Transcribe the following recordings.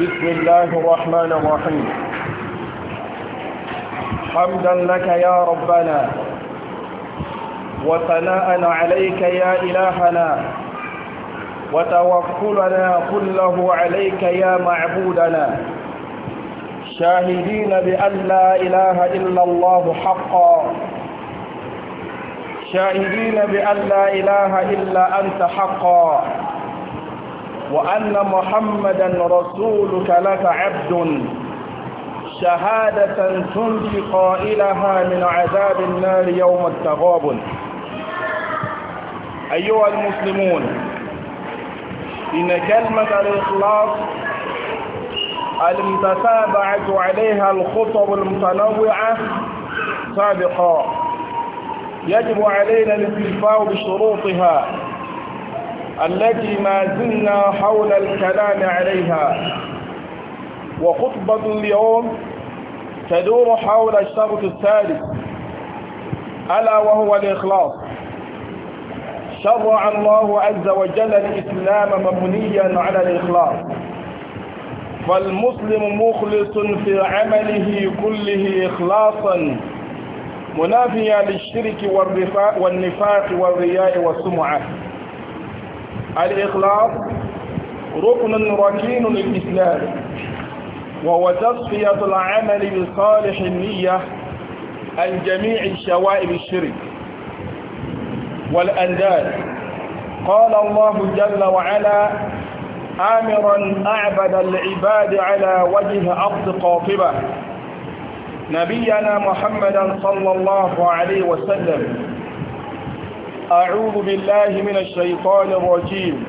بسم الله الرحمن الرحيم حمدا لك يا ربنا وثناء عليك يا إلهنا وتوكلنا كله عليك يا معبودنا شاهدين بأن لا إله إلا الله حقا شاهدين بأن لا إله إلا أنت حقا وأن محمدا رسولك لك عبد شهادة تنفي قائلها من عذاب النار يوم التغابن أيها المسلمون إن كلمة الإخلاص المتتابعة عليها الخطب المتنوعة سابقا يجب علينا الاستيفاء بشروطها التي ما زلنا حول الكلام عليها وخطبة اليوم تدور حول الشرط الثالث ألا وهو الإخلاص شرع الله عز وجل الإسلام مبنيا على الإخلاص فالمسلم مخلص في عمله كله إخلاصا منافيا للشرك والنفاق والرياء والسمعة الإخلاص ركن ركين للإسلام وهو تصفية العمل بصالح النية عن جميع شوائب الشرك والأنداد قال الله جل وعلا آمرا أعبد العباد على وجه أرض قاطبة نبينا محمدا صلى الله عليه وسلم أعوذ بالله من الشيطان الرجيم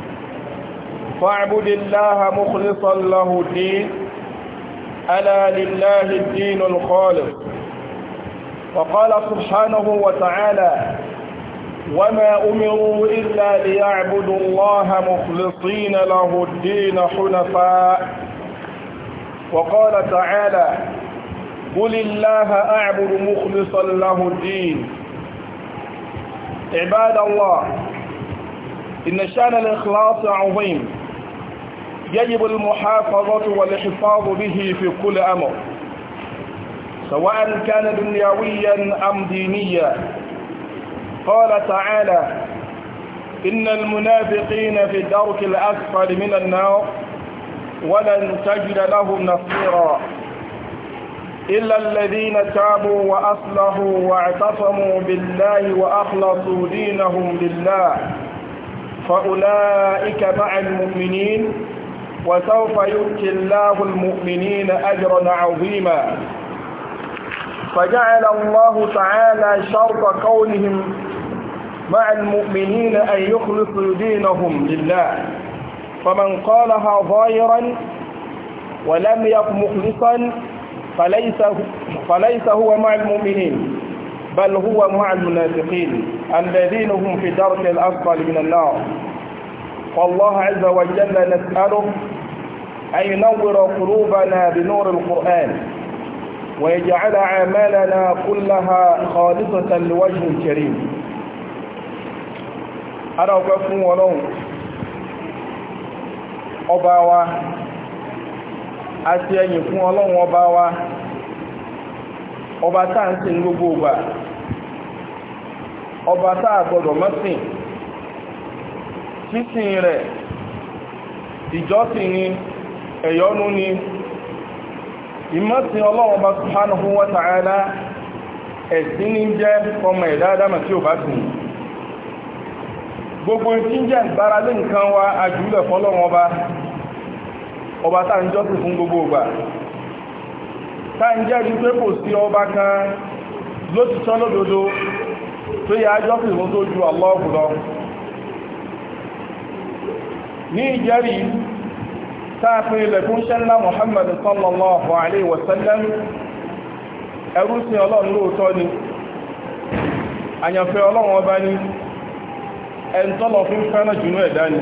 فاعبد الله مخلصا له الدين ألا لله الدين الخالص وقال سبحانه وتعالى وما أمروا إلا ليعبدوا الله مخلصين له الدين حنفاء وقال تعالى قل الله أعبد مخلصا له الدين عباد الله إن شأن الإخلاص عظيم يجب المحافظة والحفاظ به في كل أمر سواء كان دنيويا أم دينيا قال تعالى إن المنافقين في الدرك الأسفل من النار ولن تجد لهم نصيرا إلا الذين تابوا وأصلحوا واعتصموا بالله وأخلصوا دينهم لله فأولئك مع المؤمنين وسوف يؤتي الله المؤمنين أجرا عظيما فجعل الله تعالى شرط قولهم مع المؤمنين أن يخلصوا دينهم لله فمن قالها ظاهرا ولم يكن مخلصا فليس فليس هو مع المؤمنين بل هو مع المنافقين الذين هم في درك الأسفل من النار فالله عز وجل نسأله أن ينور قلوبنا بنور القرآن ويجعل أعمالنا كلها خالصة لوجه الكريم أنا أقف ولو أبا àti ẹ̀yìn fún ọlọ́run ọba wa ọba tá à gbogbo ọba ọba taa gbọdọ̀ mọ́sìn sísìn rẹ̀ ìjọsìn ni ẹ̀yọ́nú ni ìmọ́sìn ọlọ́run ọba subhanahu wa ta'ala ẹ̀sìn ní jẹ́ ọmọ ẹ̀dá tí gbogbo ìtí ìgbáralé nǹkan wa ajúlẹ̀ fọ́lọ́run ọba ọba tá ń jọ́sìn fún gbogbo ìgbà tá ń jẹ́rí pé kò sí ọba kan lótìtọ́ lódodo tó yẹ ajọ́sìn fún tó ju Allahu lọ ní ìjẹ́rí táàfin ilẹ̀kún ṣẹ́lá Muhammad sallallahu alaihi wasallam ẹrúsìn ọlọ́run lóòtọ́ ni àyànfẹ́ ọlọ́run ọba ni ẹ̀ntọ́lọ̀ fún fẹ́ràn jùlọ ẹ̀dá ni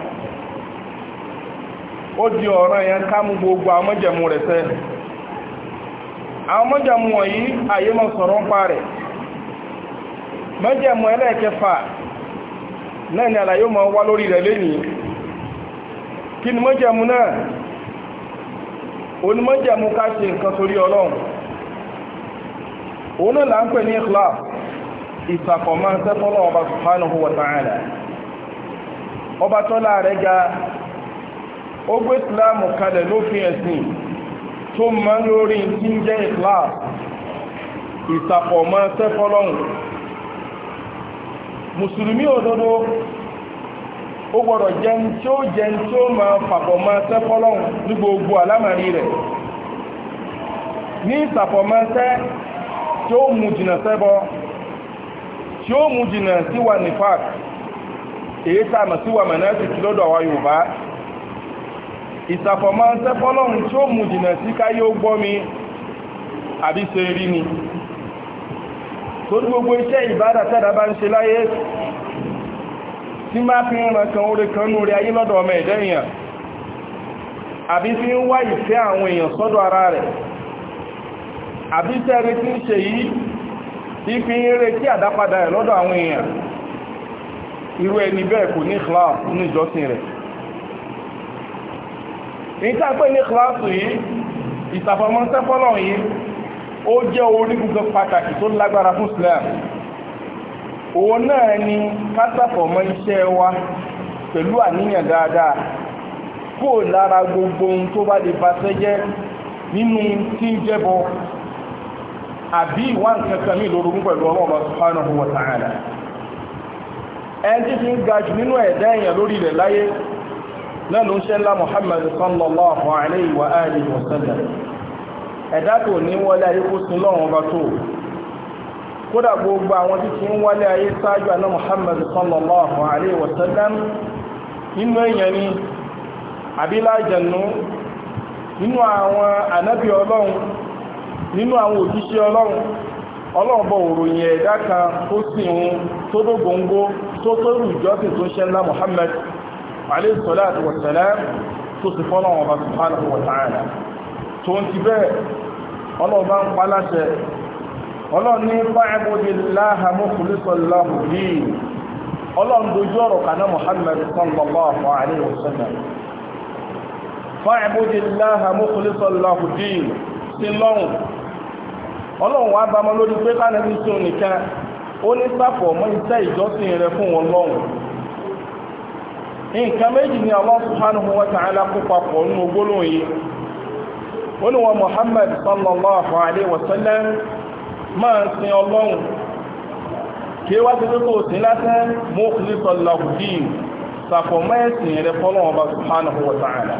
ó di ọ̀ràn yẹn ká mú gbogbo àwọn mọ́jẹ̀mú rẹ̀ ṣẹ àwọn mọ́jẹ̀mú wọ̀nyí ayé mọ́ sọ̀rọ̀ ń pa rẹ̀ mọ́jẹ̀mú ẹlẹ́ẹ̀kẹfà náà ni àlàyé mọ́ wá lórí rẹ̀ lénìí kí ni mọ́jẹ̀mú náà onímọ́jẹ̀mú ká ṣe nǹkan torí ọlọ́run ta'ala ọba tọ́lá rẹ̀ ga ó gbé ìsìláàmù kalẹ̀ lófin ẹ̀sìn tó ma ń lórí tí ń jẹ́ ìkláà ìtàpọ̀mọ́ sẹ́fọ́lọ́hùn mùsùlùmí òdodo ó gbọ́dọ̀ jẹ́ tí ó jẹ́ tí ó ma pàpọ̀mọ́ sẹ́fọ́lọ́hùn ní gbogbo àlámàrí rẹ̀ ní ìtàpọ̀mọ́ sẹ́ tí ó mú jìnà sẹ́bọ tí ó mú jìnà síwà nífàk èyí tààmà síwà mẹ́nẹ́sì wa ìsàfọ̀mọ́ sẹ́fọ́lọ́run tí ó mú jìnà sí káyé ó gbọ́ mi àbí ṣe rí ni tó ní gbogbo iṣẹ́ ìbádà tẹ́dà bá ń ṣe láyé tí má fi ń ràn kan orí kan núrí ayé lọ́dọ̀ ọmọ ẹ̀dẹ́ èèyàn àbí fi ń wá ìfẹ́ àwọn èèyàn sọ́dọ̀ ara rẹ̀ àbí tẹ́rí tí ń ṣe yìí tí fi ń retí àdápadà rẹ̀ lọ́dọ̀ àwọn èèyàn irú ẹni bẹ́ẹ̀ kò ní ìkhlás nínú ìjọsìn rẹ̀ èyí pé ní kíláàsì yìí ìtàfọmọ́sẹ́fọ́lọ̀ yìí ó jẹ́ orígun pàtàkì tó lágbára fún Islam òun náà ni kásàfọ̀mọ́ iṣẹ́ wa pẹ̀lú àníyàn dáadáa kó lára gbogbo ohun tó bá lè bàṣẹ́ jẹ́ nínú tí ń jẹ́bọ àbí ìwà nǹkan kan ní ìlórogún pẹ̀lú ọlọ́ọ̀bá subhanahu wa ta'ala ẹni tí fi ń ga jù nínú ẹ̀dá èèyàn lórí ilẹ̀ láyé náà ló ń ṣe ńlá Muhammad sallallahu alayhi wa alihi wa sallam ẹ̀dá tó ní wọlé ayé kó sin lọ́wọ́n ọba tó kódà gbogbo àwọn tí kí ń wọlé ayé sáájú àná Muhammad sallallahu alayhi wa sallam nínú èèyàn ni àbílájẹ̀nú nínú àwọn ànábì ọlọ́run nínú àwọn òjíṣẹ́ ọlọ́run ọlọ́run bọ̀ òròyìn ẹ̀dá kan tó sì ń tó dógóńgó tó tó rù tó ṣe ńlá Muhammad alayhi salatu wa salam tó sì fọ́nà ọba subhanahu wa ta'ala tó ń ti bẹ́ẹ̀ ọlọ́ọ̀bá ń pa láṣẹ ọlọ́ọ̀ ní fa'budu llaha mukhlisan lahu ddin ọlọ́ọ̀ ń dojú ọ̀rọ̀ kaná Muhammad sallallahu alayhi wa sallam fa'budu llaha mukhlisan lahu ddin sí nǹkan méjì ni Allah subhanahu wa ta'ala kó papọ̀ nínú gbólóhùn yìí Muhammad sallallahu alaihi wasallam máa ń sin ọlọ́run kí wá ti tókò sí látẹ́ mukhlisan lahu din sàfọ̀mọ́ rẹ̀ fọ́lọ́wọ́n bá wa ta'ala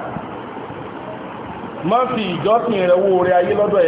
fi ìjọsìn rẹ̀ wó orí ayé lọ́dọ̀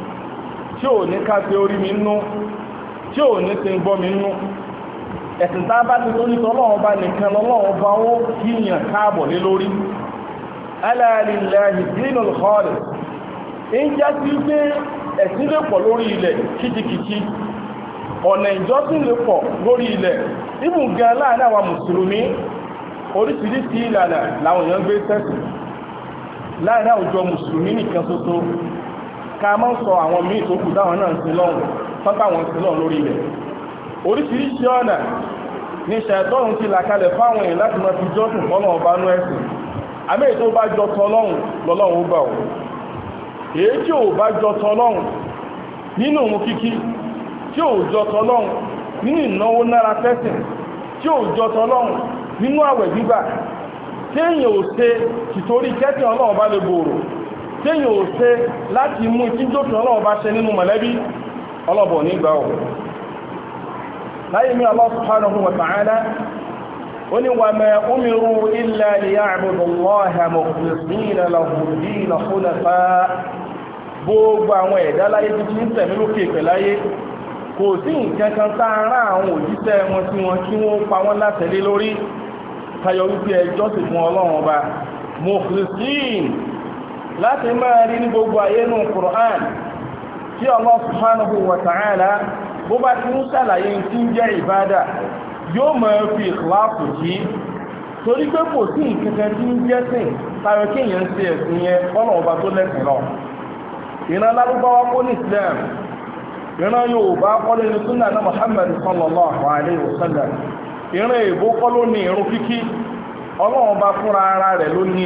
tí ò ní ká pé orí mi nú tí ò ní ti gbọ́ mi nú ẹ̀sìn tá a bá ti tó ní tọ́lọ́wọ́n bá nìkan lọ́wọ́n bá ó kíyàn káàbọ̀ lé lórí ala lillahi dinul khalis ń já sí pé ẹ̀sìn lè pọ̀ lórí ilẹ̀ kìtìkìtì ọ̀nà ìjọsìn lè pọ̀ lórí láàrin àwùjọ mùsùlùmí nìkan ṣoṣo ká má sọ àwọn míì tó kù dáwọn náà sí lọ́hùn sọ́pá wọn sí lọ́hùn lórí rẹ̀ oríṣiríṣi ọ̀nà ni ṣẹ̀tọ́run ti làkalẹ̀ fáwọn èèyàn láti máa fi jọ́sùn fọ́nà ọba nú ẹ̀sìn àmì èyí tó bá jọ tọlọ́hùn lọ́lọ́hùn ó gbà ọ́ èyí tí ò bá jọ tọlọ́hùn nínú òun kíkí tí ò jọ tọlọ́hùn nínú ìnáwó nára tẹ́sìn tí ò jọ tọlọ́hùn nínú àwẹ̀ gbígbà tí èèyàn ò téèyàn ò ṣe láti mú ìtíjókùn ọlọ́wọ́ bá ṣe nínú mọ̀lẹ́bí ọlọ́bọ̀ nígbà ọ̀ láyé mi Allah subhanahu wa ta'ala ó ní wa ma umiru illa liya'budu Allaha mukhlisina lahu ad-din hunafa gbogbo àwọn ẹ̀dá láyé títí ń tẹ̀mí lókè pẹ̀láyé kò sí nǹkan kan tá a rán àwọn òjíṣẹ́ wọn tí wọn láti máa rí ní gbogbo ayé nù Qur'an tí Allah subhanahu wa bó bá ti ń sàlàyé tí ń jẹ́ ìbádà fi ìkìláàpù jí torí pé kò sí nǹkan tí ń jẹ́ tàbí ẹ̀sìn yẹn ọ̀nà ọba tó lẹ́sìn lọ ìran lárúbáwá kó ní Islam ìran Yorùbá kọ́lé ní súnà náà sallallahu alayhi ìran kọ́ ara rẹ̀ ló ní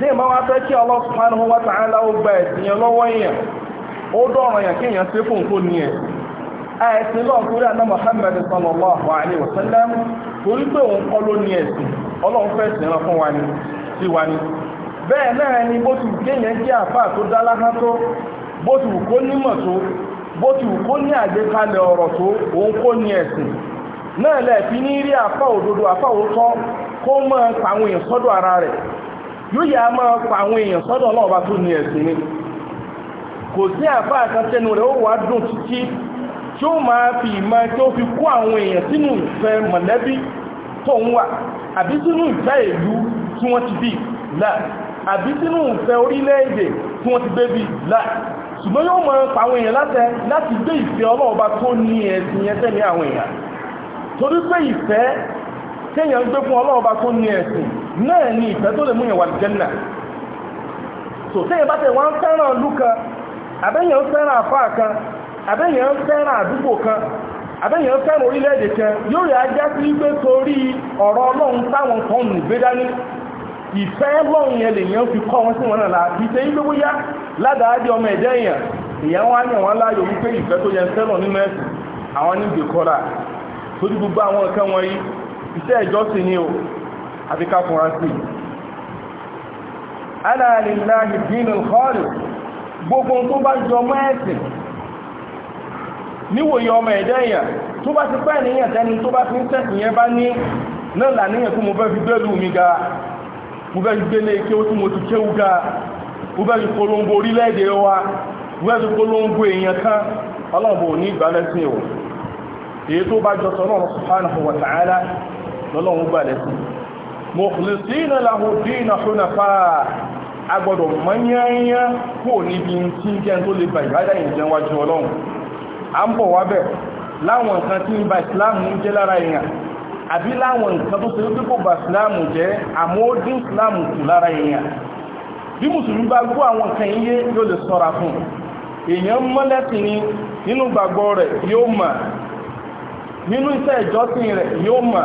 tí ìmọ̀ wá fẹ́ kí Allah subhanahu wa ta'ala ó gba ẹ̀sìn yẹn lọ́wọ́ èèyàn ó dọ̀rọ̀ yẹn kí èèyàn ṣe fún kó ní ẹ̀ ẹ̀sìn lọ́ọ̀ torí àná Muhammad sallallahu alaihi wasallam torí pé òun kọ́ ló ní ẹ̀sìn ọlọ́run fẹ́ sìn fún wa ni sí wa ni bẹ́ẹ̀ náà ni bó ti kéèyàn jẹ́ àfáà yóò yà á máa pa àwọn èèyàn sọ́dọ̀ ọlọ́ọ̀bá tó ní ẹ̀sìn ni kò sí àfá àkàtẹnu rẹ̀ ó wà dùn títí tí ó máa fi ìmọ̀ tí ó fi kó àwọn èèyàn sínú ìfẹ́ mọ̀lẹ́bí tó ń wà àbí sínú ìfẹ́ ìlú tí wọ́n ti bí là àbí sínú ìfẹ́ orílẹ̀-èdè tí wọ́n ti gbé bí là ṣùgbọ́n yóò máa pa àwọn èèyàn látẹ láti gbé ìfẹ́ ọlọ́ọ̀bá tó ní ẹ̀sìn yẹn tẹ́lẹ̀ àwọn èèyàn torí pé ìfẹ́ kéèyàn gbé fún ọlọ́ọ̀bá tó ní ẹ̀sìn náà ni ìfẹ́ tó lè mú yẹn wà jẹ́nà so tẹ́yẹ bá tẹ̀ wọ́n ń fẹ́ràn ìlú kan àbẹ́yẹn ń fẹ́ràn àfáà kan àbẹ́yẹn ń fẹ́ràn àdúgbò kan àbẹ́yẹn ń fẹ́ràn orílẹ̀-èdè kan yóò yà á já sí pé torí ọ̀rọ̀ ọlọ́run táwọn kan nù gbé dání ìfẹ́ lọ́run yẹn lèèyàn fi kọ́ wọn sí wọn náà la kì í ṣe yí lówó yá ládàájọ ọmọ ẹ̀dẹ́ èèyàn èèyàn wá ní àwọn aláyọ̀ wípé ìfẹ́ tó yẹ ń fẹ́ràn nínú ẹ̀sìn àwọn níbi kọ́ra tójú gbogbo àwọn nǹkan wọ̀nyí iṣẹ́ ìjọsìn ni o àti káfùnwá sí aláàlìláàrí dínú kọ́lù gbogbo tó bá jọ mẹ́ẹ̀sì níwòye ọmọ ẹ̀dẹ́ èèyàn tó bá ti pẹ́ níyàn tẹ́ni tó bá ti ń tẹ́sì yẹn bá ní náà làníyàn tó mo fẹ́ fi gbẹ́lú mi ga mo fẹ́ fi gbélé kí ó tí mo ti kéwú ga mo fẹ́ fi polongo orílẹ̀-èdè wa mo fẹ́ fi polongo èèyàn kan ọlọ́ọ̀bọ̀ ní ìgbàlẹ́sìn ìwọ̀ èyí tó bá jọ sọ náà subhanahu wa ta'ala lọ́lọ́run gbàlẹ́sìn mukhlisina lahu dina hunafa agbọ́dọ̀ mọ́nyányá kò níbi tí jẹ́ tó lè bá ìbádá ìjẹun wájú ọlọ́run a ń bọ̀ wá bẹ̀ láwọn nǹkan tí ń ba ìsìláàmù ń jẹ́ lára èèyàn àbí láwọn nǹkan tó ṣe wípé kò ba ìsìláàmù jẹ́ àmọ́ ó dín ìsìláàmù kù lára èèyàn bí mùsùlùmí bá gbọ́ àwọn nǹkan iye yóò lè sọ́ra fún èèyàn mọ́lẹ́sì ni nínú gbàgbọ́ rẹ̀ yóò mọ̀ nínú iṣẹ́ ìjọsìn rẹ̀ yóò mọ̀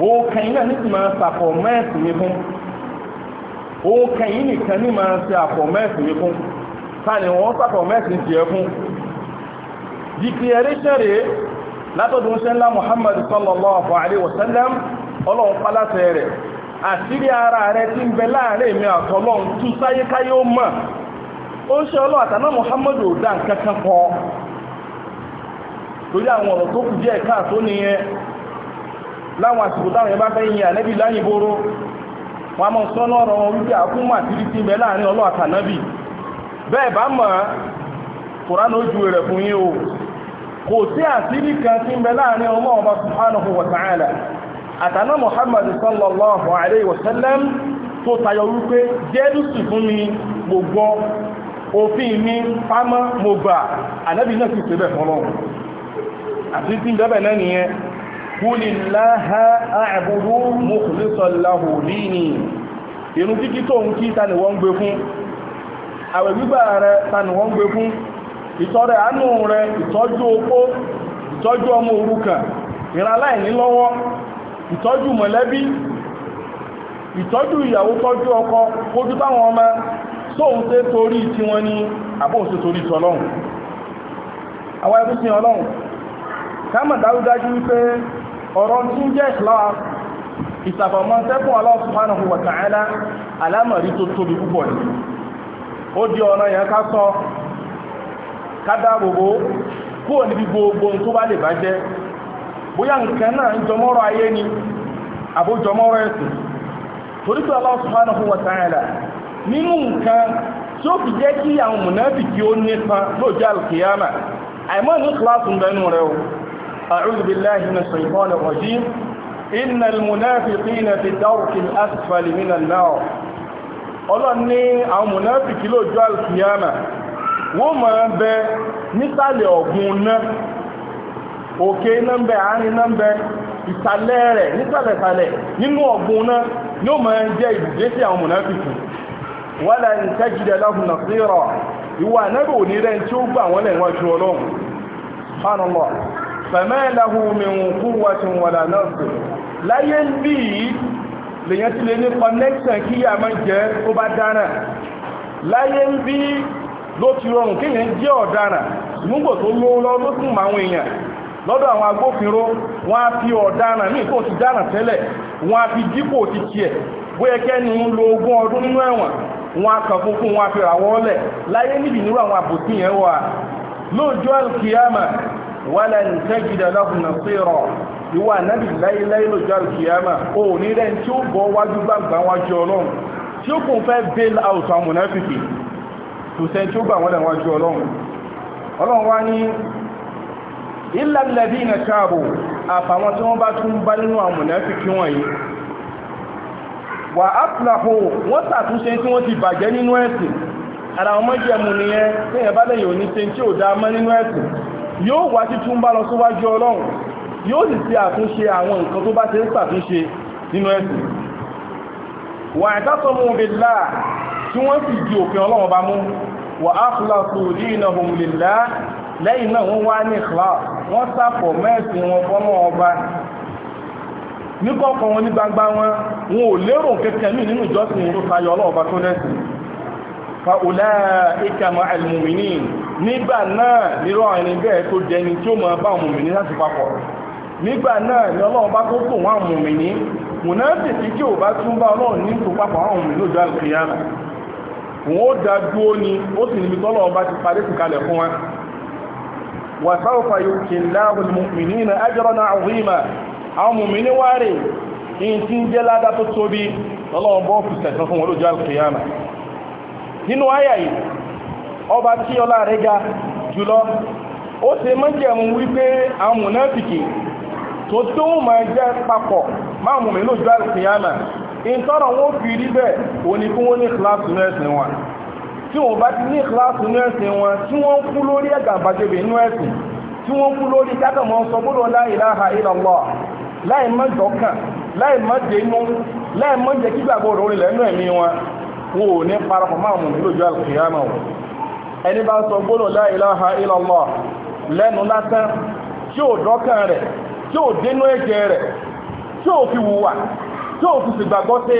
òòkàn yìí náà ní ti máa ṣàpọ̀ mẹ́ẹ̀sì mi fún òòkàn yìí nìkan ní máa ṣe àpọ̀ ko mi fún tani wọ́n ṣàpọ̀ mẹ́ẹ̀sì tiẹ̀ fún declaration rèé látọ̀dún ṣẹ́ńlá Muhammad sallallahu alaihi wasallam ọlọ́run pálásẹ̀ rẹ̀ àṣírí ara rẹ̀ tí ń bẹ láàrin èmi àtọlọ́run tú sáyékáyé ó mọ̀ ó ń ṣe ọlọ́ Muhammad láwọn àsìkò táwọn yẹn bá fẹ́ yin ànẹ́bì láyìn bóró wọn a mọ̀ sọ́nà ọ̀rọ̀ wọn wípé àkúmọ̀ àti rí ti ń bẹ láàrin ọlọ́ àtànábì bẹ́ẹ̀ bá mọ̀ kòránà ojú rẹ̀ fún yín o kò sí àsìrí kan ti ń bẹ láàrin ọmọ wa ta'ala àtàná muhammad sallallahu alayhi wa sallam tó tayọ wípé jẹ́lùsì fún mi gbogbo òfin mi pamọ́ mo gbà ànábì náà sì ṣe bẹ́ẹ̀ fọlọ́run àti ti ń bẹ́ẹ̀ náà nìyẹn kúlìláha àbúrú mùkùlùsọ̀láhù dínì irun kíkí tó ń kí tani wọ́n gbé fún àwẹ̀ gbígbà rẹ tani wọ́n gbé fún ìtọrẹ àánú rẹ ìtọ́jú opó ìtọ́jú ọmọ òrukàn ìrànláìní lọ́wọ́ ìtọ́jú mọ̀lẹ́bí ìtọ́jú ìyàwó tọ́jú ọkọ ojú táwọn ọmọ sóhun tẹ́ torí tí àwọn ẹbí sí ká mọ̀ dájúdájú wípé ọ̀rọ̀ tí ń jẹ́ Islam ìsàbọ̀mọ́sẹ́kùn Allah subhanahu wa ta'ala alámọ̀rí tó tóbi púpọ̀ ní ó di ọ̀nà yẹn ká sọ kádà gbogbo kúrò níbi gbogbo tó bá lè bá jẹ́ bóyá nǹkan náà ń jọmọ́rọ̀ ayé ni àbójọmọ́rọ̀ ẹ̀sìn أعوذ بالله من الشيطان الرجيم إن المنافقين في الدرك الأسفل من النار ọlọ́run ní àwọn mùnáfìkì lójú alkiyama wọ́n mọ̀ ń bẹ nísàlẹ̀ ọ̀gbun náà òkè náà ń bẹ àárín náà ń bẹ ìsàlẹ̀ rẹ̀ nísàlẹ̀sàlẹ̀ nínú ọ̀gbun náà ni ó mọ̀ ń jẹ́ ibùgbé sí àwọn mùnáfìkì wọ́n lẹ̀ wọ́n fẹ̀mẹ́lẹ́hu mìírànkú wọ́tí wọ́lá náà tó láyé ń bí yìí lèyàn ti lè connection kí yà máa jẹ́ ó bá dára láyé ń bí lo ti rọrùn kí yẹn jẹ́ ọ̀daràn múgbò tó lówó fi ọ̀daràn míì tó ti dana tele won a fi dípò ti tiẹ̀ bóyá ke ń lo ogún ọdún nínú wọ́lẹ̀ ń tẹ́gìdà lọ́hùn náà sírọ̀ ìwà ànábì láíláí ló jáde kìyàmà ó ní rẹ̀ tí ó bọ́ wájú gbàgbà wájú ọlọ́run tí ó kún fẹ́ bail out àwọn mùnáfìkì kò sẹ́ni tí ó gbà wọ́n lẹ̀ wájú ọlọ́run ọlọ́run wá ní illal ladina tabu àfàwọn tí wọ́n bá tún bá nínú àwọn mùnáfìkì wọ̀nyí wà ápùlàhù wọ́n tàtúnṣe tí wọ́n ti bàjẹ́ nínú ẹ̀sìn ara wọn mọ́jẹ̀mù nìyẹn tí èèyàn bá lẹ́yìn òní ṣe tí ò dá mọ́ nínú ẹ̀sìn yóò wá títún bá lọ síwájú ọlọ́run yóò sì ṣe àtúnṣe àwọn nǹkan tó bá ṣe ń ṣàtúnṣe nínú ẹ̀sìn wà ìtàsọmú bèlá tí wọ́n sì di òfin ọlọ́run bá mú wà áfúlàsù dinahum lillah lẹ́yìn náà wọ́n wá ní ìkìlá wọ́n sàpọ̀ mẹ́sìn wọn fọ́nà ọba nígbà náà nírọ̀ ẹni bẹ́ẹ̀ tó jẹni tí ó máa bá láti papọ̀ nígbà náà ni ọlọ́run bá tó tò wọn àwọn mùmìnì mùnáfìsì tí ò bá tún bá ọlọ́run ní tò papọ̀ àwọn mùmìnì wọn ó da dúó ni ó sì níbi tọ́lọ́run bá ti parí ìkàlẹ̀ fún wa yóò mùmìnì ní ajọ́rọ̀ náà àwọn wá rè ń jẹ́ ládá tó tóbi ọlọ́run bọ́ fún wọn nínú yìí ọba tí ọlá rẹ̀ ga jùlọ ó ṣe mọ́jẹ̀mú wípé àwọn mùnáfìkì tó tó m'a jẹ́ papọ̀ máa mú mi lójú àlùkìyàmà ìtọ́rọ̀ wọn fi rí bẹ́ẹ̀ òun ni fún wọn ní kíláàsì nínú ẹ̀sìn wọn tí wọn bá ti ní kíláàsì nínú ẹ̀sìn wọn tí wọ́n kú lórí ẹ̀gàbàjẹ́bẹ̀ nínú ẹ̀sìn tí wọ́n kú lórí kákàmọ́ sọ gbọ́dọ̀ la ilaha illallah láì má dọ́kàn láì má dénú láì má jẹ́ kígbàgbọ́ òròrin lẹ́nu ẹ̀mí wọn wọn ò ní parapọ̀ máa mú mi lójú àlùkìyàmà wọn ẹni bá sọ gbólóhùn la ilaha illallah lẹ́nu lásán tí ò dọ́kàn rẹ̀ tí ò dénú ẹ̀jẹ̀ rẹ̀ tí ò fi wùwà tí ò fi sì gbàgbọ́ sí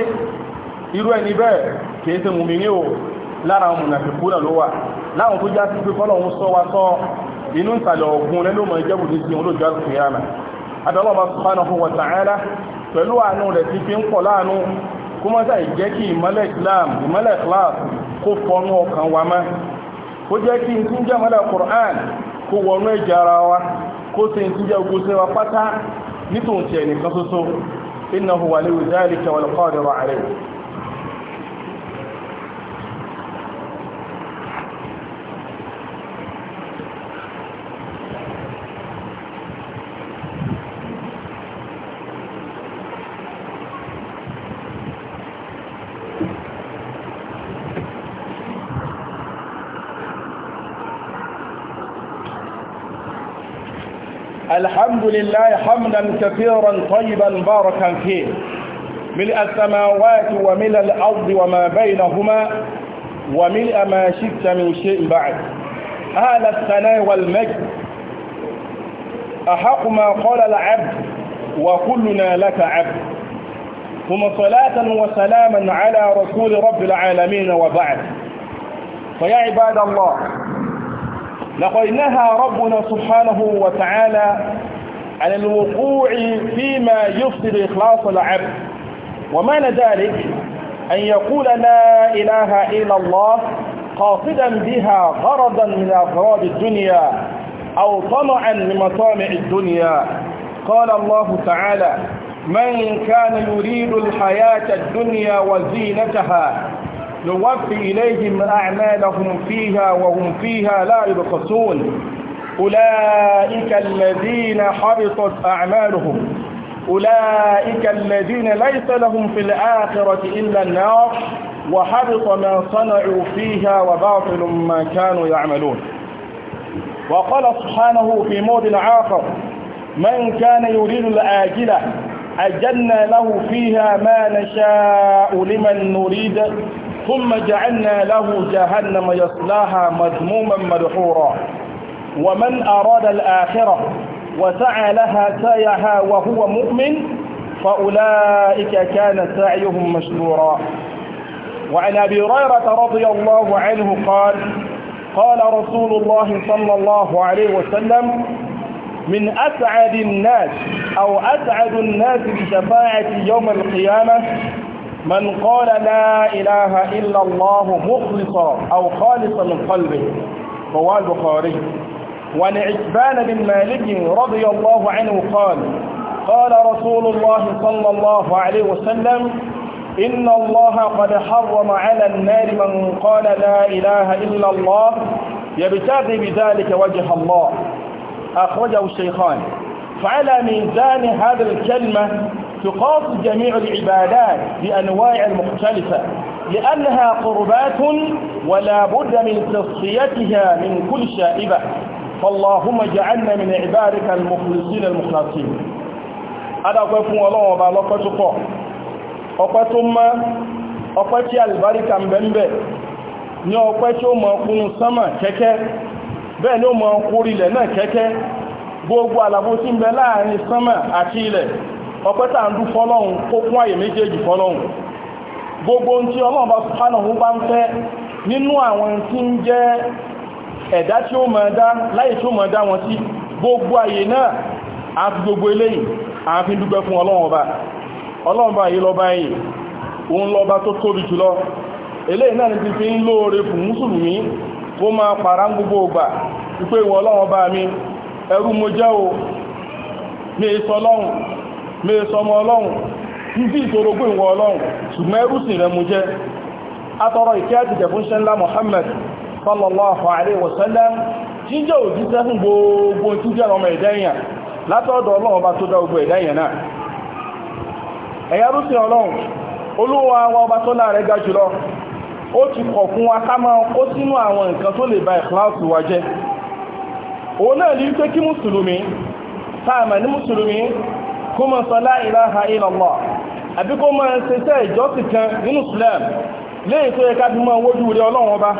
irú ẹni bẹ́ẹ̀ kìí ṣe mùmíní o lára àwọn mùnàfikú náà ló wà láwọn tó já sí pé fọ́lọ́hún sọ wa sọ inú ìsàlẹ̀ ọ̀gbun rẹ̀ ló mọ̀ olóòjọ́ àkùnrin fọnú ọkàn wa mọ́ kó jẹ́ kí n tún jẹ́ mọ́lá Qur'an kó wọnú ẹ̀jẹ̀ ara wa kó sì ń tún jẹ́ ogun sí wa pátá nítòun tiẹ̀ nìkan ṣoṣo innahu waliyu dhalika wal qadiru alayhi الحمد لله حمدا كثيرا طيبا باركا فيه ملء السماوات وملء الأرض وما بينهما وملء ما شئت من شيء بعد هذا الثناء والمجد أحق ما قال العبد وكلنا لك عبد ثم صلاة وسلاما على رسول رب العالمين وبعد فيا عباد الله لقد نهى ربنا سبحانه وتعالى عن الوقوع فيما يفسد إخلاص العبد ومعنى ذلك أن يقول لا إله إلا الله قاصدا بها غرضا من أغراض الدنيا أو طمعا من مطامع الدنيا قال الله تعالى من كان يريد الحياة الدنيا وزينتها نوفي إليهم أعمالهم فيها وهم فيها لا يبخسون أولئك الذين حبطت أعمالهم أولئك الذين ليس لهم في الآخرة إلا النار وحبط ما صنعوا فيها وباطل ما كانوا يعملون وقال سبحانه في موضع آخر من كان يريد الآجلة أجلنا له فيها ما نشاء لمن نريد ثم جعلنا له جهنم يصلاها مذموما مدحورا ومن أراد الآخرة وسعى لها سعيها وهو مؤمن فأولئك كان سعيهم مشكورا وعن أبي هريرة رضي الله عنه قال قال رسول الله صلى الله عليه وسلم من أسعد الناس أو أسعد الناس بشفاعة يوم القيامة من قال لا إله إلا الله مخلصا أو خالصا من قلبه رواه البخاري وعن عتبان بن مالك رضي الله عنه قال قال رسول الله صلى الله عليه وسلم إن الله قد حرم على النار من قال لا إله إلا الله يبتغي بذلك وجه الله أخرجه الشيخان فعلى ميزان هذه الكلمة تقاس جميع العبادات بانواعها المختلفه لأنها قربات ولا بد من تصفيتها من كل شائبة فاللهم جعلنا من عبادك المخلصين المخلصين هذا هو فون الله وبعد الله فتقى أقتم أقتي البركة مبنبة ni ọpẹ́ tí ó mọ̀ ọkùnrin sánmà kẹ́kẹ́ bẹ́ẹ̀ ni ó mọ̀ ọkùnrin ilẹ̀ náà kẹ́kẹ́ gbogbo àlàbò tí ń bẹ láàrin sánmà ọpẹ́ tá à ń dú fọ́lọ́hun kó kún àyè méjèèjì fọ́lọ́hun gbogbo ohun tí ọlọ́run bá subhanahu bá ń fẹ́ nínú àwọn tí ń jẹ́ ẹ̀dá tí ó máa dá láyé tí ó máa dá wọn sí gbogbo àyè náà àti gbogbo eléyìí àfi dúpẹ́ fún ọlọ́run ọba ọlọ́run bá yìí lọ́ba yìí òun ni ti mo jẹ́ o mi ìsọlọ́run mẹ́ sọmọ ọlọ́run fífí ìtòrógún ìwọ ọlọ́run ṣùgbọ́n ẹrúsìn rẹ mú jẹ́ atọrọ ìkẹ́ àtìjẹ̀ fún ṣẹ́lá Muhammad sallallahu alaihi wasallam tí jẹ́ òjíṣẹ́ fún gbogbo tí jẹ́ ọmọ ẹ̀dẹ́yàn látọ́dọ̀ ọlọ́run bá tó dá gbogbo ẹ̀dẹ́yàn náà ẹ̀yà rúsìn ọlọ́run olúwa wa ọba tó láàrẹ ga jùlọ ó ti kọ̀ fún wa ká máa kó sínú àwọn nǹkan tó lè ba ìkláàsì wa jẹ́ òun náà ní kó máa sọ la ilaha illallah àbí kó máa ṣiṣẹ́ ìjọsìn kan nínú Islam léyìn tó yẹ káàdì máa wójú rẹ ọlọ́run ọba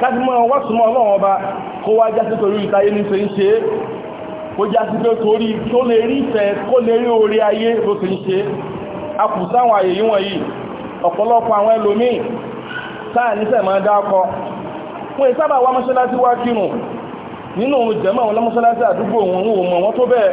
káàdì máa wá súnmọ́ ọlọ́run ọba kó wá jásí torí ìtayé ní ṣe ń ṣe é kó jásí pé torí tó lè rí ìfẹ́ kó lè rí orí ayé bó ṣe ń ṣe é a kù sáwọn àyè yìí wọ̀nyí ọ̀pọ̀lọpọ̀ àwọn ẹlòmíì táà níṣẹ́ máa dákọ fún ìsábà wá mọ́ṣáláṣí wá kírun nínú òun jẹ́mọ́ àwọn mọ́ṣáláṣí àdúgbò òun òun mọ̀ wọ́n tó bẹ́ẹ̀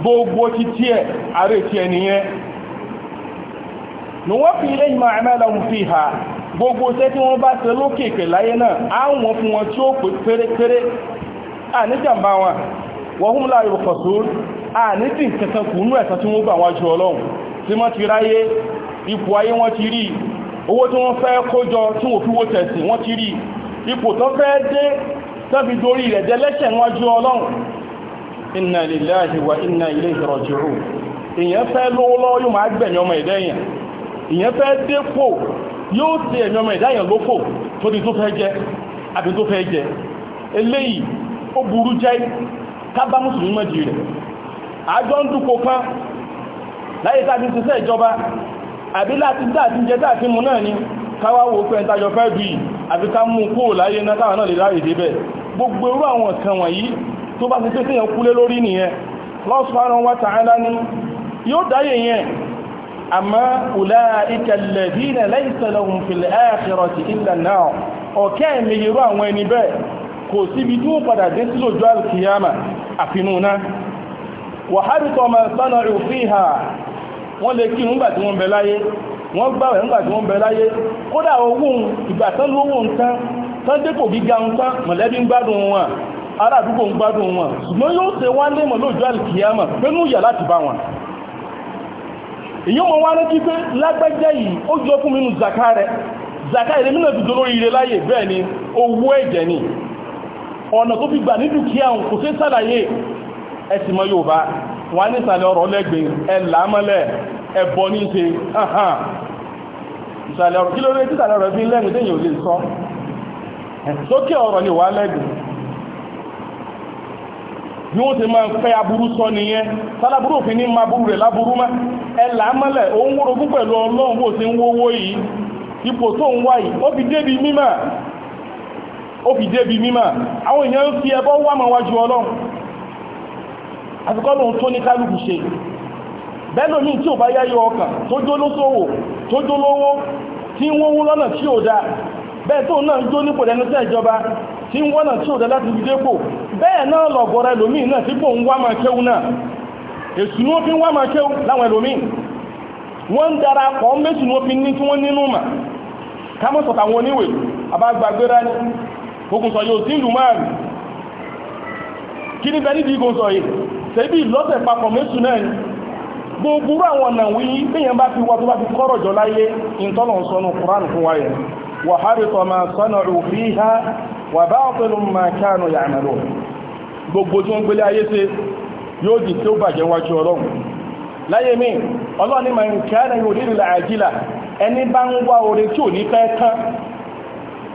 gbogbo títí ẹ̀ ààrẹ tí ẹniyẹn ni wọ́n fi ilé ìmọ̀ àmẹ́lẹ̀ ń fi hà gbogbo tẹ́ tí wọ́n bá tẹ lókèèkè láyé náà àwọn fún wọn tí ó pè pérépéré àníjàmbá wọn wọ́n hún láàrín òkọ̀só àníjìn kẹta kùnú ẹ̀sán tí wọ́n gbà wọn jù ọlọ́run tí wọ́n ti ráyé ipò ayé wọ́n ti rí owó tí wọ́n fẹ́ kójọ tí wọ́n fi wó tẹ̀sìn wọ́n ti rí ipò tó fẹ́ dé tẹ́bi dorí rẹ̀ jẹ́ lẹ́sẹ̀ ọlọ́run inna lillahi wa inna ilayhi raji'un èèyàn fẹ́ lówó lọ́wọ́ yóò máa gbẹ̀yìn ọmọ ẹ̀dá èèyàn èèyàn fẹ́ dépò yóò ti ẹ̀yìn ọmọ ẹ̀dá èèyàn lófò tó di tó fẹ́ jẹ àbí tó fẹ́ jẹ eléyìí ó burú jẹ́ kábá mùsùlùmí mọ́jì rẹ̀ àjọ gbogbo irú àwọn kan wọ̀nyí tó bá ti pé tíyàn kúlé lórí nìyẹn Allah subhanahu wa ta'ala ni yóò dáyé yẹn àmọ́ ulaika alladhina laysa lahum fil akhirati illa an-nar ọ̀kẹ́ ìmìyàrú àwọn ẹni bẹ́ẹ̀ kò síbi tí ó padà dé sí lójú alkiyama àfinúná wa habita ma sana'u fiha wọ́n lè kí nígbà tí wọ́n bẹ láyé wọ́n gbàwẹ̀ nígbà tí wọ́n bẹ láyé kódà owó ìgbà tán lówó nǹkan tán dépò gíga nǹkan mọ̀lẹ́bí ń gbádùn wọn ará àdúgbò ń gbádùn wọn ṣùgbọ́n yóò ṣe wá lé mọ̀ lójú àlìkìyàmà pẹ̀lú ìyà láti bá wọn èyí mọ̀ wá rántí pé lágbájá yìí ó jọ fún mi zaka rẹ̀ zaka ilé mínà fi dolórí ilé láyé bẹ́ẹ̀ ni owó ẹ̀jẹ̀ ni ọ̀nà tó fi gbà ní dúkìá òun kò sí sàlàyé ẹ̀sìn mọ́ yóò bá sókè ọ̀rọ̀ ni wà lẹ́gbẹ̀ẹ́ bí ó ti máa fẹ́ aburú sọ nìyẹn sálábúrú òfin ní ma burú rẹ̀ láburú má ẹ̀là mọ́lẹ̀ ó ń wórogún pẹ̀lú ọlọ́run bó ti ń wówó yìí ipò tó ń wá yìí ó fi débi mímà ó fi débi mímà àwọn èèyàn ń fi ẹbọ wá máa wájú ọlọ́run àfikọ́ lóhun tó ní kálukú ṣe bẹ́ẹ̀lò míì tí ò bá yáyọ ọkàn tó jó lóṣòwò tó jó lówó tí ń wówó lọ́nà tí ń wọ́nà tí ó dẹ láti gbígbépò bẹ́ẹ̀ náà lọ̀gọ̀rọ̀ ẹlòmí náà tí pò ń wá máa kéwú náà èsù ní ó fi ń wá máa kéwú láwọn ẹlòmí wọ́n dára pọ̀ ń ní ó fi ní wọ́n nínú mà kámọ́ wọn àbágbàgbéra ní yóò sí ìlú márùn kí ní bẹ́ẹ̀ sọ yìí ha wà bá ọ̀pẹ̀lú ma káànù yà àmàlò gbogbo tí gbogbo gbélé ayé ṣe yóò di tí ó bàjẹ́ wájú ọlọ́run láyé mi ọlọ́run ni ma ń káànù yóò nílùú àjílà ẹni bá ń wá oore tí ò ní pẹ́ tán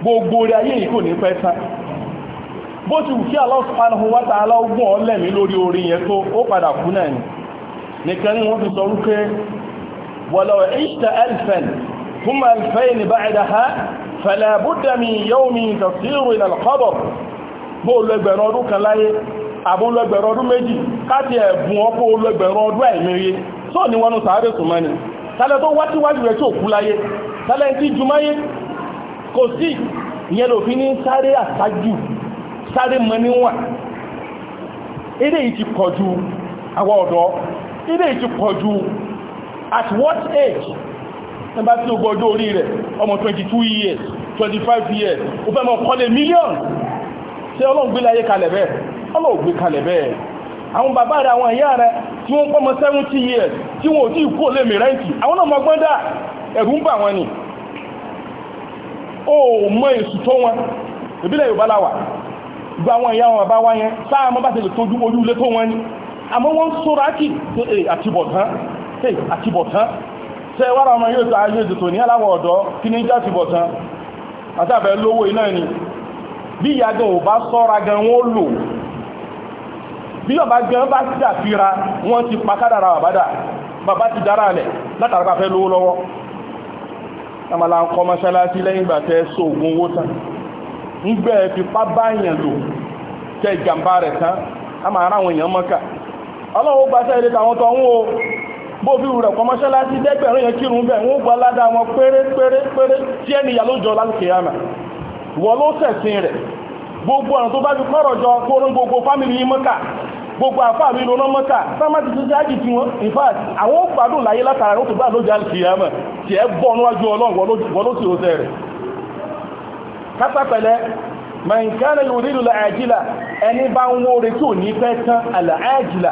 gbogbo orí ayé yìí kò ní pẹ́ tán bó ti wù kí Allah subhanahu wa ta'ala ọgbọ̀n ọlẹ́mí lórí orí fala budda min yawmin tasiru ila al-qabr bó lẹ́gbẹ̀rún ọdún kan láyé àbó lẹ́gbẹ̀rún ọdún méjì káàkiri ẹ̀bùn ọpọ̀ lẹ́gbẹ̀rún ọdún àìmẹ́rẹ́ tó ní wọnú sàárẹ̀ sùnmọ́ni tálẹ́ tó wá tíwájú rẹ̀ tí ò kú láyé tálẹ́ tí jumáyé kò sí ìyẹn ló fi ní sáré àsájù sáré mọ́ níwọ̀n ilé yìí ti pọ̀ ju àwọn ọ̀dọ́ ilé yìí ti pọ̀ ju at what age ẹ bá tí ó gbọ́jọ́ orí rẹ̀ ọmọ 22 years 25 years ó fẹ́ mọ́ kọ́lé mílíọ̀n ṣé ọlọ́run gbé láyé kalẹ̀ bẹ́ẹ̀ ọlọ́run gbé kalẹ̀ bẹ́ẹ̀ àwọn bàbá rẹ̀ àwọn ìyá rẹ̀ tí wọ́n pọ́mọ 70 years tí wọ́n ò tí kú olè mìíràntì àwọn náà mọ́gbọ́n dà ẹ̀rù ń bà wọn ni ó mọ èsù tó wọn ìbílẹ̀ Yorùbá láwà gba àwọn ìyá wọn bàbá wá yẹn sáà mọ́ bá ti lè tójú ojú ilé tó wọn ni àmọ́ wọ́n sọ́ra kì àtibọ̀tán tẹ wára ọmọ yóò ayé ètò ní aláwọ̀ ọ̀dọ́ kí ní já ti bọ̀tán àtàbẹ̀ lówó iná ẹni bí ìyá gan ò bá sọ́ra gan wọ́n lò bí ọba gan bá ti dàfíra wọ́n ti pakádàra bàbádà bàbá ti dára alẹ̀ látàrà fẹ́ lówó lọ́wọ́ àmàlà ń kọ́ mọ́ṣáláṣí lẹ́yìn ìgbà tẹ́ sóògùn owó tán nígbẹ́ fipá báyàn lò tẹ́ ìjàmbá rẹ̀ tán a máa èèyàn mọ́kà ọlọ́wọ́ gbaṣẹ́ ilé tàwọn bó fi rẹ̀ kọ́ mọ́ṣáláṣí dẹ́gbẹ̀rún yẹn kírun bẹ́ẹ̀ wọ́n gba ládàá wọn péré péré péré tí ẹni ìyá ló jọ lálùkè yàmà wọ́n ló sẹ̀sìn rẹ̀ gbogbo ọ̀nà tó bá fi pọ́rọ̀ jọ kóró gbogbo fámìlì yìí mọ́kà gbogbo àfa mi lóná mọ́kà sámátì tó jáde tí wọ́n in fact àwọn ó gbádùn láyé látara ó tó bá lójà lùkè yàmà tí ẹ bọ́ níwájú ọlọ́run wọ́n ló sì ó sẹ́ rẹ̀ kásápẹ̀lẹ́ mẹ̀ǹkánilù nílùú àjílà ẹni bá ń wó retí ò ní fẹ́ tán àlà àjílà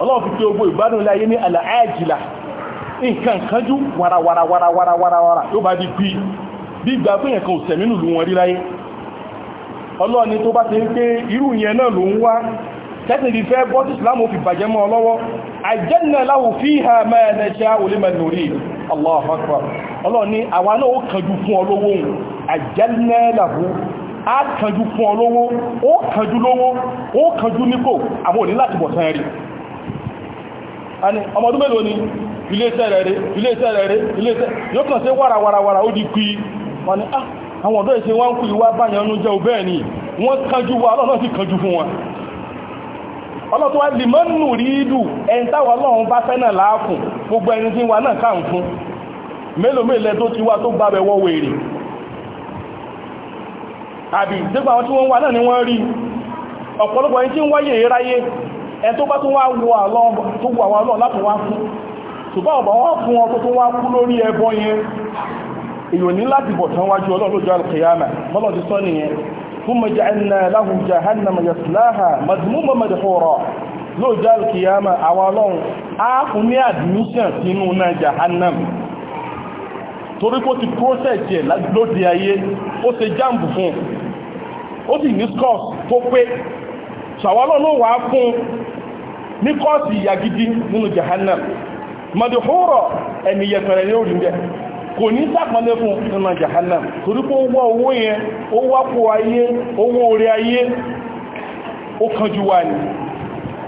ọlọ́run fi pé ogbó ìgbádùn ilé ayé ní àlàájìlá nǹkan kanjú warawarawarawarawara yóò bá di bí bí ìgbà pé yẹn kan ò sẹ̀mí lùlù wọn rí láyé ọlọ́run ni tó bá ti ń pé irú yẹn náà ló ń wá tẹ́sì rí fẹ́ bọ́ sí ìsìlámù fi bàjẹ́ mọ́ ọlọ́wọ́ àjẹ́nà láwù fi ha máa nẹ́ṣẹ́ olímọ̀ lórí Allahu Akbar ọlọ́run ni ó kanjú fún ó kanjú lówó ó àwọn òní láti bọ̀ sẹ́rin ọmọ ọdún mélòó ni iléeṣẹ́ rẹ̀ rẹ̀ iléeṣẹ́ rẹ̀ rẹ̀ iléeṣẹ́ yóò kàn sí wàràwàràwàrà ó di kí wọ́n ni ah, àwọn ọ̀dọ́ ìṣe wọ́n ń kú ìwà báyẹnú jẹ́ òbẹ́ẹ̀ ni wọ́n kánjú wa ọlọ́run sì kánjú fún wọn ọlọ́tọ́ wa lè mọ́nù rí ìdù ẹni táwọn ọlọ́run bá fẹ́ náà láàkùn gbogbo ẹni tí wa náà káà ń fún mélòó mélòó tó ti wá tó gbábẹ̀ wọ́ wèrè àbí dégbà wọn tí wọ́n wà náà ni wọ́n rí ọ̀pọ̀lọpọ̀ ẹni tí ń wáyé ráyé ẹ tó bá tún wá wo àwọn ọlọ́run láti wá kú ṣùgbọ́n ọ̀bá wọ́n fún ọ tó tún wá kú lórí ẹbọ yẹn èyàn ní láti bọ̀ tán wájú ọlọ́run lójú alkiyama mọ́lọ̀ ti sọ nìyẹn fún mọ̀já ẹ̀nà láhùn jahannama yaslaha madmuma madhura lójú alkiyama admission sínú náà jahannam torí kó ti process yẹ lóde ayé ó ṣe jáàmù fún ó sì ní scores tó pé ṣàwọn ọlọ́run wà fún ní kọ́ọ̀sì ìyà gidi nínú jahannam madhura ẹni yẹpẹrẹ ní orí bẹ́ kò ní sàpọ́nlé fún nínú jahannam torí pé ó wá owó yẹn ó wá kó ayé owó orí ayé ó kanjú wà ní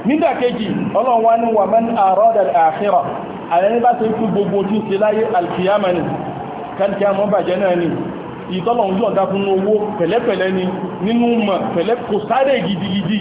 nídàkejì ọlọ́run wá ní waman arada al-akhirah àlẹ́ni bá ṣe ń fún gbogbo tí ń ṣe láyé alkiyama ni kálkíá mọ́ bàjẹ́ náà ni ìtọ́lọ̀un yọ̀ǹda fún owó pẹ̀lẹ́pẹ̀lẹ́ ni nínú mọ̀ pẹ̀lẹ́ kò sáré gidigidi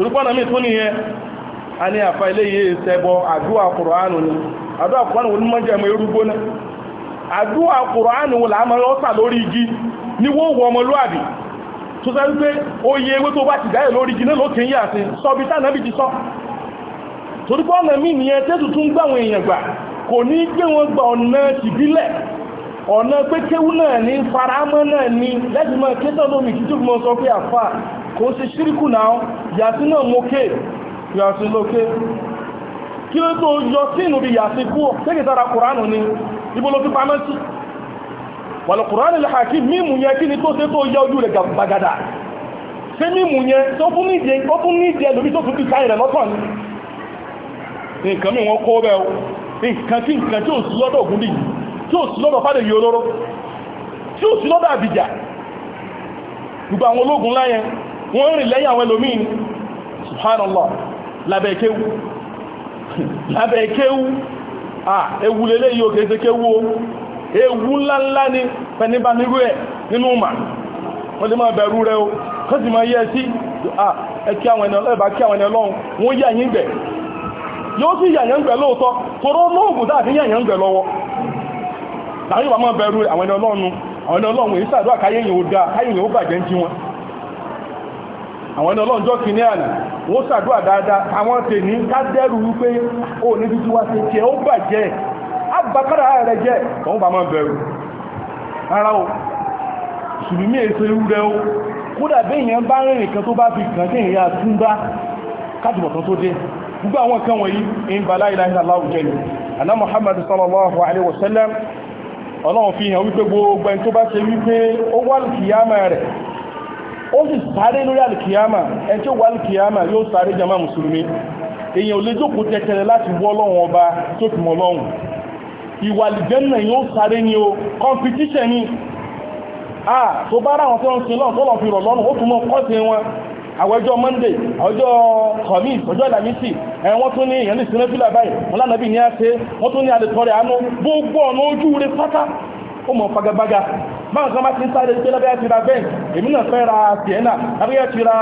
torípọ́nà mi tún nìyẹn a ní àfà ilé yìí sẹ́bọ àdúwà kùránù ni àdúwà kùránù wọn mọ́ jẹ́ ẹmọ erúgbó náà àdúwà kùránù wọn làá máa ọ́sà lórí igi ní wọ́n wọ ọmọlúwàbí tó sẹ́ wípé oyè ewé tó bá ti dáyẹ̀ lórí igi náà lókè yìí àti sọbi tá náà bì ti sọ torípọ́nà mi nìyẹn tẹ́tù tún ọ̀nà pé kéwú náà ní faramọ́ náà ní lẹ́gbìmọ̀ kétọ́ lómi títí mọ́ sọ pé àfà kò ṣe ṣíríkù náà yàtí náà mókè yàtí lókè kí ló tó yọ sí inú bí yàtí kú tẹ́kẹ̀tara kùránù ni ibo ló fi pamọ́ sí wàlù kùránù lè hàkí mímú yẹ kí ni tó ṣe tó yẹ ojú rẹ̀ gbàgàdà ṣé mímú yẹ tó fún nídìí tó fún nídìí ẹlòmí tó tún fi káyìn rẹ̀ lọ́tọ̀ ni nǹkan mi wọn kó bẹ́ẹ̀ o nǹkan tí gbogbo àwọn ológun láyẹn wọ́n rìn lẹ́yìn àwọn ẹlòmíì subhanallah lábẹ́ kéwú lábẹ́ kéwú ah ewu lélẹ́ yóò kéèsé kéwú o ewu ńláńlá ni pẹ̀lú bá nírú ẹ̀ nínú ma wọ́n lè máa bẹ̀rù rẹ o kọ́ sì máa yẹ sí ẹkí àwọn ẹni ọlọ́run wọ́n yà yín gbẹ̀ yóò sì yà yín gbẹ̀ lóòótọ́ tọrọ lóògùn dáàfin yà yín gbẹ̀ àwọn ẹni ọlọ́njọ́ kìíní àná wọ́n ṣàdúrà dáadáa àwọn tèmi ká dẹ́rù wípé ó ní títí wá ṣe tiẹ̀ ó bàjẹ́ àbákárà rẹ̀ jẹ́ òun bá máa bẹ̀rù rárá o sùlùmí èso irú rẹ o kódà bí èèyàn bá rìnrìn kan tó bá fi kàn sí ìyá túnbá kájùmọ̀ kan tó dé gbogbo àwọn kan wọ̀nyí ń bá la ilaha illallah jẹ́ ni àná Muhammad sallallahu alaihi wasallam ọlọ́run fi hàn wípé gbogbo ẹni tó bá ṣe wípé ó wà kìyàmà rẹ̀ ó sì sáré lórí alìkìyàmà ẹni tí ó wà alìkìyàmà yóò sáré jama mùsùlùmí èyàn ò lè jókòó tẹ́tẹ́rẹ láti wọ́ lọ́wọ́n ọba tó fi mọ̀ lọ́wọ́n ìwà àlìjẹ́nà yóò sáré ní o competition ni a tó bá ra àwọn ń sin lọ́n tó lọ́n fi rọ̀ lọ́rùn ó tún mọ́ monday àwọjọ́ khamis ọjọ́ ìlàmísì ẹ̀ wọ́n tún ní èèyàn lè sinú fílà báyìí wọn lánàbí ní àṣẹ wọ́n tún ní àlètọ́rẹ̀ àánú gbogbo báwọn kan bá ti ń sáré pé lábẹ́ àti ra bẹ́ẹ̀ èmi náà fẹ́ ra sienna lábẹ́ àti ra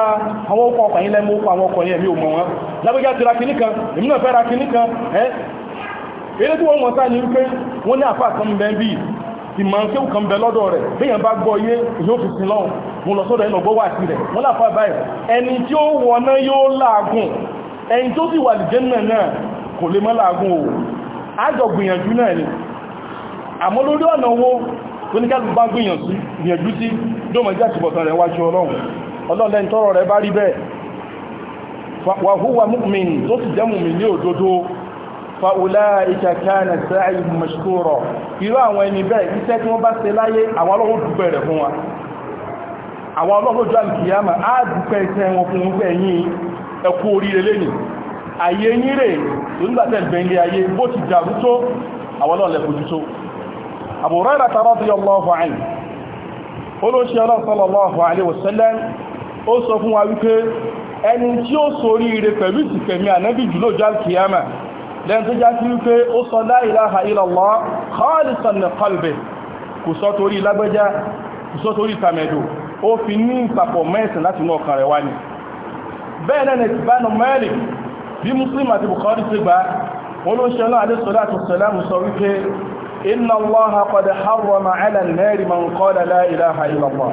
àwọn ọkọ̀ ọkọ̀ yìí lẹ́mú àwọn ọkọ̀ yẹn mi ò mọ̀ wọn lábẹ́ àti ra kinní kan èmi náà fẹ́ ra kinní kan ẹ́ eré tí wọ́n mọ̀ sáà ní wípé wọ́n ní àfáà kan bẹ́ẹ̀ bíi ìmọ̀ tí ó kàn bẹ lọ́dọ̀ rẹ̀ bíyàn bá gbọ́ yé yóò fi sin lọ́hùn mo lọ sọ́dọ̀ ẹnà gbọ́wà sí rẹ̀ wọ́n láfà báyìí ẹni tí ó wọná yóò láàgùn ẹni tó sì wà lìjẹ́ náà náà kò lè mọ́ láàgùn o àjọ gbìyànjú náà ni àmọ́ lórí ọ̀nà wo tó ní kẹ́lù bá gbìyànjú sí dómọ̀ jẹ́ àtìbọ̀tán rẹ̀ wájú ọlọ́run ọlọ́run lẹ́ni rẹ̀ bá rí bẹ́ẹ̀ wa huwa mu'min tó sì jẹ́ mu'min ní òdodo fa ulaika kana sa'ihum mashkura irú àwọn ẹni bẹ́ẹ̀ iṣẹ́ tí wọ́n bá ṣe láyé àwọn ọlọ́run dúpẹ́ rẹ̀ fún wa àwọn ọlọ́run lójú àmìkìyàmà á dúpẹ́ iṣẹ́ wọn fún gbẹ̀ yìí ẹkú oríire lẹ́nìí ayé yìí rẹ̀ lónígbàtẹ̀ bẹ̀ẹ́lẹ̀ ayé bó ti dàrú tó àwọn tó Abu Hurairah radiyallahu anhu olóṣẹ́ Ọlọ́run sallallahu alaihi wasallam ó sọ fún wa wípé ẹni tí ó sorí ire pẹ̀lú ìsìnkẹ̀mí ànábì jùlọ jẹ́ alkiyama lẹ́n tó já sí wípé ó sọ la ilaha illallah khalisan min qalbi kò sọ torí lágbẹ́já kò sọ torí tàmẹ̀dò ó fi ní ìpapọ̀ mẹ́sìn láti inú ọkàn rẹ̀ wá ni bẹ́ẹ̀ náà ti bá nà mẹ́rin bí Muslim àti Bukhari ti gbà wọ́n ló ṣe náà alẹ́ sọ́lá àti sọ́lá sọ wípé inna allaha qad harrama ala an-nari man qala la ilaha illa allah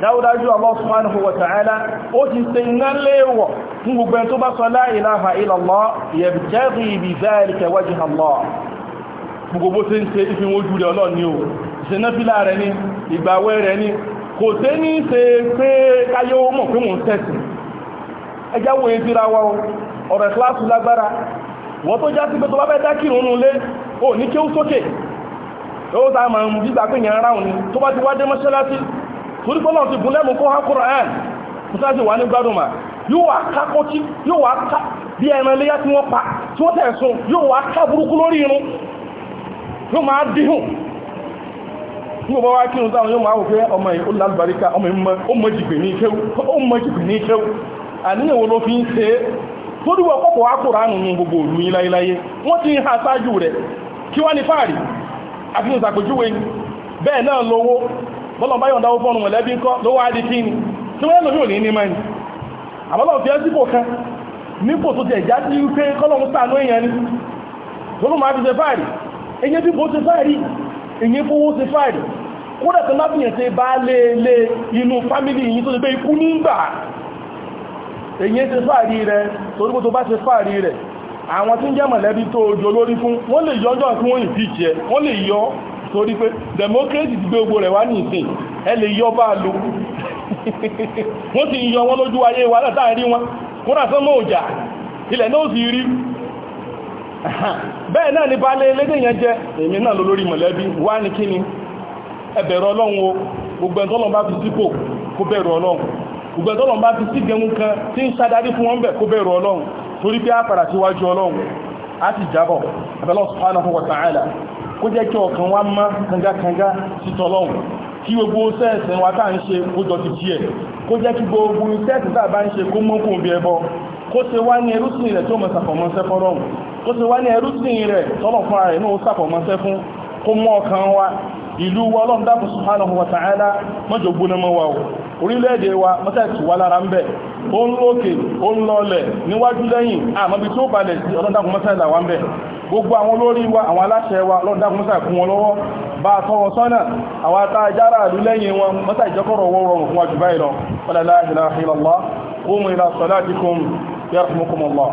dáúdájú allah subhanahu wa ta'ala ó ti ṣe iná léèwọ̀ fún gbogbo ẹni tó bá sọ la ilaha illa allah yabtaghi bi dhalika wajha allah gbogbo tí ń ṣe ìfin ojú rẹ̀ ọlọ́ ni o ìṣẹ́náfílà rẹ̀ ni ìgbàwẹ́ rẹ̀ ni kò tẹ́ ní ṣe pé káyé ó mọ̀ pé mò ń tẹ̀sìn wo èyí síra wa ọ̀rọ̀ kíláàsì lágbára wọ́n tó já sí pé tó bá fẹ́ dákìrún nulẹ̀ ò ní yóò sá máa ń gbígbà pé yẹn ráhùn ni tó bá ti wá dé mọ́ṣáláṣí torí pé lọ́n ti gùn lẹ́nu kó há Kùránì mọ́ṣáláṣí wà ní gbádùn mà yóò wá ká kọ́tí yóò wá ká bí ẹran léyá tí wọ́n pa tí wọ́n tẹ̀ sùn yóò wá ká burúkú lórí irun yóò máa dihùn ní ọba wá kí ní sáwọn yóò máa wò pé ọmọ yìí ó ọmọ yìí ní ìkéwù ó ló fi ń ṣe é tó dúró kọ́kọ́ wá Kùránì gbogbo òlú yín láyéláyé wọ́n ti ń ha ṣáájú rẹ̀ kí wá ní fáàrí àti tó sàpèjúwe bẹ́ẹ̀ náà lówó bọ́lọ̀ bá yọ̀ndáwó fọ́nù mọ̀lẹ́bí ń kọ́ lówó adì kí ni tí wọ́n lórí òní ní mẹ́ni àbọ́lọ̀ fi ẹ́sìpò kan nípò tó tẹ̀ já sí wípé kọ́lọ̀mù sàánú èèyàn ni lórí máa fi ṣe fáàrí èyí bí bó ṣe fáàrí èyí fowó ṣe fáàrí kódà tó lábìyàn ṣe bá lé lé inú fámílì yìí tó ṣe pé ikú nígbà èyí ṣe fáàrí rẹ̀ torí bó tó bá ṣe fáàrí rẹ̀ àwọn tí ń jẹ́ mọ̀lẹ́bí tó ojú olórí fún wọ́n lè yọ ọjọ́ tí wọ́n yìí fi wọ́n lè yọ torí pé democracy ti gbé gbogbo rẹ̀ wá ní ìsìn ẹ lè yọ bá lò wọ́n ti yọ wọ́n lójú ayé wa látàrí wọn sánmọ́ òjà ilẹ̀ náà sì rí bẹ́ẹ̀ náà ní balẹ̀ elédè yẹn jẹ́ èmi náà mọ̀lẹ́bí wá ní ọlọ́run o gbogbo bá fi sípò kó torí pé àpàrà tí wájú ọlọ́run a ti jábọ̀ abẹ́lọ́ wa ta'ala kó jẹ́ kí ọkàn wa má kangakanga sí tọ́lọ́run kí gbogbo sẹ́ẹ̀sẹ̀ wa tá ń ṣe kó jọ ti jí ẹ̀ kó jẹ́ kí gbogbo sẹ́ẹ̀sẹ̀ tá bá ń ṣe kó mọ́kùn bí ẹbọ kó ṣe wá ní ẹrúsìn rẹ̀ tó mọ̀ sàfọ̀mọ́sẹ́ fọ́lọ́run kó ṣe wá ní mọ́ ọkàn wa ìlú wa ọlọ́run dákun subhanahu wa ta'ala mọ́jọ gbóná mọ́ wa orílẹ̀-èdè wa mọ́sẹ̀tù wà lára ń bẹ̀ ó ń lókè ó ń lọlẹ̀ níwájú lẹ́yìn àmọ́bí tó balẹ̀ sí ọlọ́dàkùn mọ́sẹ̀lá wa ń bẹ̀ gbogbo àwọn olórí wa àwọn aláṣẹ wa ọlọ́dàkùn mọ́sẹ̀ kún wọn lọ́wọ́ bá a tọ́ wọn sọ́nà àwọn ata ajára àdú lẹ́yìn wọn mọ́sẹ̀ ìjọkọ̀rọ̀ wọ́n rọrùn fún wa jù báyìí lọ wala ilaha illallah qumu ila salatikum yarhamukumullah